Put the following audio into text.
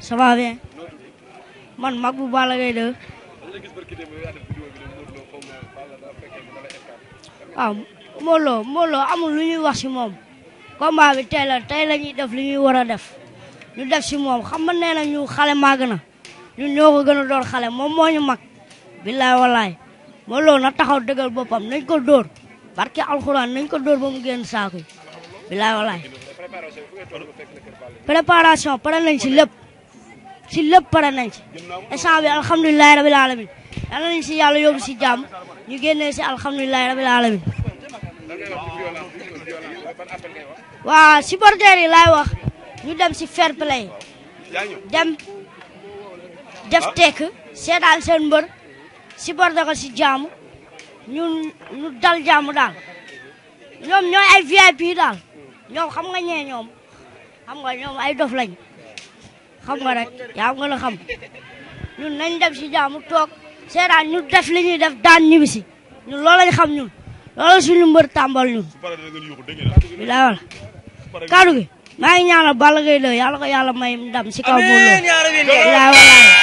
ça va man mag bu bala Gaye de waaw ah, Modou Lo Modou amul lu ñuy wax si moom combat bi tey la tey la def li ñuy war a def ñu def si moom xam nga nee na ñu xale màgg na ñun ñoo gën a doon xale moom moo ñu mag billaay wallaay Modou Lo na taxaw dëggal boppam nañ ko dóor barke alxuraan nañ ko dóor ba mu génn saako yi billaay wallaay préparation pare nañ si lépp si lépp pare nañ si instant alamin yàlla nañ si yàlla yóbbu si jàmm ñu génnee si alhamdulilahi rabil alamin waa supporters yi laay wax ñu dem si fair play dem def tekk seetaan seen supporter ko si jàmm ñu dal jàmm daal ñoom ñooy ay VIP daal ñoom xam nga ñee ñoom xam nga ñoom ay dof lañ xam nga rek yaa nga la xam ñun nañ dem si jaamu toog seetaan ñu def li ñuy def daan ñibbi si ñun loolu lañ xam ñun loolu suñu mbër tàmbal ñun bilaay wala kaddu gi maa ngi ñaanal Balla Gaye 2 yàlla ko yàlla may ndam si kaw Modou Lô wala